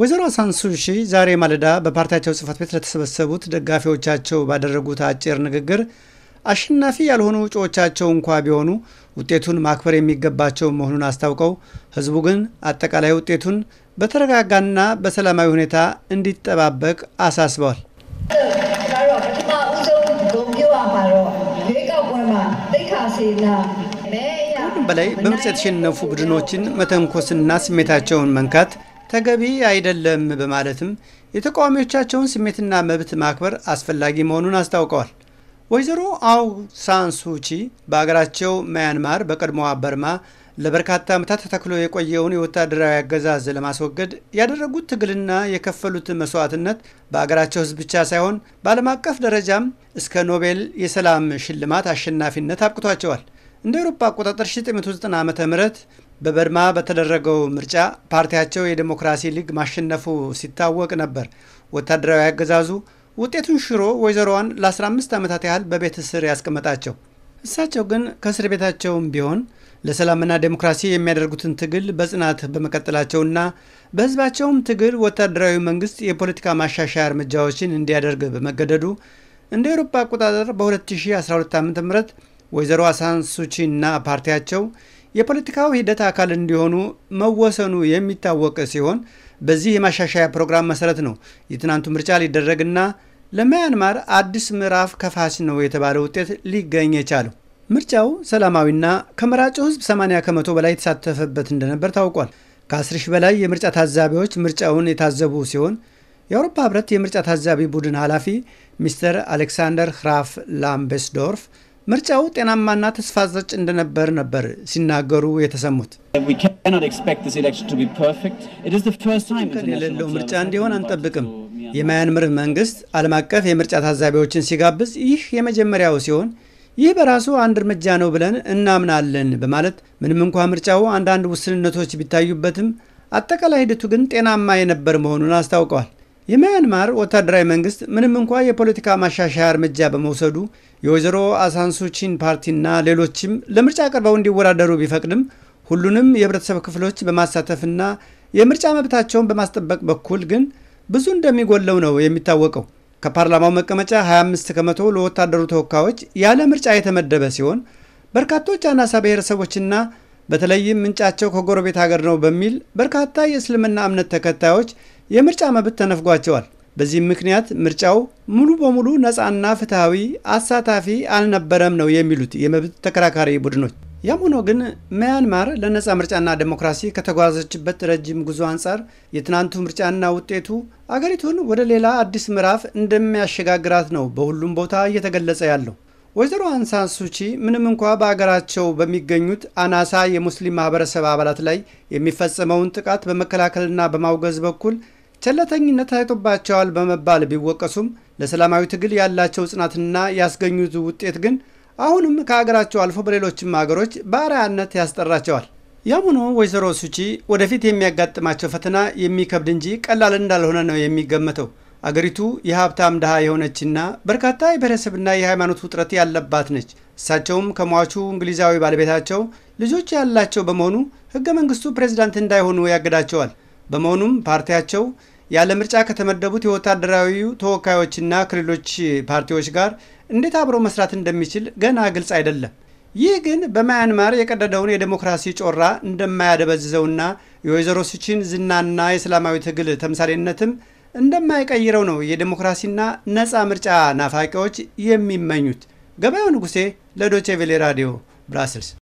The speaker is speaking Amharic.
ወይዘሮ ሳንሱሺ ዛሬ ማለዳ በፓርቲያቸው ጽህፈት ቤት ለተሰበሰቡት ደጋፊዎቻቸው ባደረጉት አጭር ንግግር አሸናፊ ያልሆኑ እጩዎቻቸው እንኳ ቢሆኑ ውጤቱን ማክበር የሚገባቸው መሆኑን አስታውቀው ህዝቡ ግን አጠቃላይ ውጤቱን በተረጋጋና በሰላማዊ ሁኔታ እንዲጠባበቅ አሳስበዋል። ከሁሉም በላይ በምርጫ የተሸነፉ ቡድኖችን መተንኮስና ስሜታቸውን መንካት ተገቢ አይደለም በማለትም የተቃዋሚዎቻቸውን ስሜትና መብት ማክበር አስፈላጊ መሆኑን አስታውቀዋል። ወይዘሮ አው ሳን ሱቺ በአገራቸው ማያንማር በቀድሞዋ በርማ ለበርካታ ዓመታት ተተክሎ የቆየውን የወታደራዊ አገዛዝ ለማስወገድ ያደረጉት ትግልና የከፈሉት መስዋዕትነት በአገራቸው ሕዝብ ብቻ ሳይሆን በዓለም አቀፍ ደረጃም እስከ ኖቤል የሰላም ሽልማት አሸናፊነት አብቅቷቸዋል። እንደ አውሮፓ አቆጣጠር 1990 ዓ ም በበርማ በተደረገው ምርጫ ፓርቲያቸው የዴሞክራሲ ሊግ ማሸነፉ ሲታወቅ ነበር። ወታደራዊ አገዛዙ ውጤቱን ሽሮ ወይዘሮዋን ለ15 ዓመታት ያህል በቤት እስር ያስቀመጣቸው፣ እሳቸው ግን ከእስር ቤታቸውም ቢሆን ለሰላምና ዴሞክራሲ የሚያደርጉትን ትግል በጽናት በመቀጠላቸውና በህዝባቸውም ትግል ወታደራዊ መንግስት የፖለቲካ ማሻሻያ እርምጃዎችን እንዲያደርግ በመገደዱ እንደ ኤሮፓ አቆጣጠር በ2012 ዓ ም ወይዘሮ አሳንሱቺና ፓርቲያቸው የፖለቲካው ሂደት አካል እንዲሆኑ መወሰኑ የሚታወቅ ሲሆን በዚህ የማሻሻያ ፕሮግራም መሰረት ነው የትናንቱ ምርጫ ሊደረግና ለማያንማር አዲስ ምዕራፍ ከፋች ነው የተባለ ውጤት ሊገኝ የቻለው። ምርጫው ሰላማዊና ከመራጩ ሕዝብ 80 ከመቶ በላይ የተሳተፈበት እንደነበር ታውቋል። ከ10 ሺህ በላይ የምርጫ ታዛቢዎች ምርጫውን የታዘቡ ሲሆን የአውሮፓ ህብረት የምርጫ ታዛቢ ቡድን ኃላፊ ሚስተር አሌክሳንደር ክራፍ ላምበስዶርፍ ምርጫው ጤናማና ተስፋ ዘጭ እንደነበር ነበር ሲናገሩ የተሰሙት። የሌለው ምርጫ እንዲሆን አንጠብቅም። የማያንምር መንግስት ዓለም አቀፍ የምርጫ ታዛቢዎችን ሲጋብዝ ይህ የመጀመሪያው ሲሆን ይህ በራሱ አንድ እርምጃ ነው ብለን እናምናለን በማለት ምንም እንኳ ምርጫው አንዳንድ ውስንነቶች ቢታዩበትም አጠቃላይ ሂደቱ ግን ጤናማ የነበር መሆኑን አስታውቀዋል። የሚያንማር ወታደራዊ መንግስት ምንም እንኳ የፖለቲካ ማሻሻያ እርምጃ በመውሰዱ የወይዘሮ አሳንሱቺን ፓርቲና ሌሎችም ለምርጫ ቀርበው እንዲወዳደሩ ቢፈቅድም ሁሉንም የህብረተሰብ ክፍሎች በማሳተፍና የምርጫ መብታቸውን በማስጠበቅ በኩል ግን ብዙ እንደሚጎለው ነው የሚታወቀው። ከፓርላማው መቀመጫ 25 ከመቶ ለወታደሩ ተወካዮች ያለ ምርጫ የተመደበ ሲሆን በርካቶች አናሳ ብሔረሰቦችና በተለይም ምንጫቸው ከጎረቤት ሀገር ነው በሚል በርካታ የእስልምና እምነት ተከታዮች የምርጫ መብት ተነፍጓቸዋል። በዚህም ምክንያት ምርጫው ሙሉ በሙሉ ነፃና ፍትሐዊ፣ አሳታፊ አልነበረም ነው የሚሉት የመብት ተከራካሪ ቡድኖች። ያም ሆኖ ግን ሚያንማር ለነፃ ምርጫና ዴሞክራሲ ከተጓዘችበት ረጅም ጉዞ አንጻር የትናንቱ ምርጫና ውጤቱ አገሪቱን ወደ ሌላ አዲስ ምዕራፍ እንደሚያሸጋግራት ነው በሁሉም ቦታ እየተገለጸ ያለው። ወይዘሮ አንሳን ሱቺ ምንም እንኳ በአገራቸው በሚገኙት አናሳ የሙስሊም ማህበረሰብ አባላት ላይ የሚፈጸመውን ጥቃት በመከላከልና በማውገዝ በኩል ቸለተኝነት ታይቶባቸዋል በመባል ቢወቀሱም ለሰላማዊ ትግል ያላቸው ጽናትና ያስገኙት ውጤት ግን አሁንም ከአገራቸው አልፎ በሌሎችም አገሮች በአርአያነት ያስጠራቸዋል። ያም ሆኖ ወይዘሮ ሱቺ ወደፊት የሚያጋጥማቸው ፈተና የሚከብድ እንጂ ቀላል እንዳልሆነ ነው የሚገመተው። አገሪቱ የሀብታም ድሃ የሆነችና በርካታ የብሔረሰብና የሃይማኖት ውጥረት ያለባት ነች። እሳቸውም ከሟቹ እንግሊዛዊ ባለቤታቸው ልጆች ያላቸው በመሆኑ ህገ መንግስቱ ፕሬዚዳንት እንዳይሆኑ ያግዳቸዋል። በመሆኑም ፓርቲያቸው ያለ ምርጫ ከተመደቡት የወታደራዊው ተወካዮችና ክልሎች ፓርቲዎች ጋር እንዴት አብሮ መስራት እንደሚችል ገና ግልጽ አይደለም። ይህ ግን በማያንማር የቀደደውን የዴሞክራሲ ጮራ እንደማያደበዝዘውና የወይዘሮ ስቺን ዝናና የሰላማዊ ትግል ተምሳሌነትም እንደማይቀይረው ነው የዴሞክራሲና ነፃ ምርጫ ናፋቂዎች የሚመኙት። ገበያው ንጉሴ ለዶቼቬሌ ራዲዮ ብራስልስ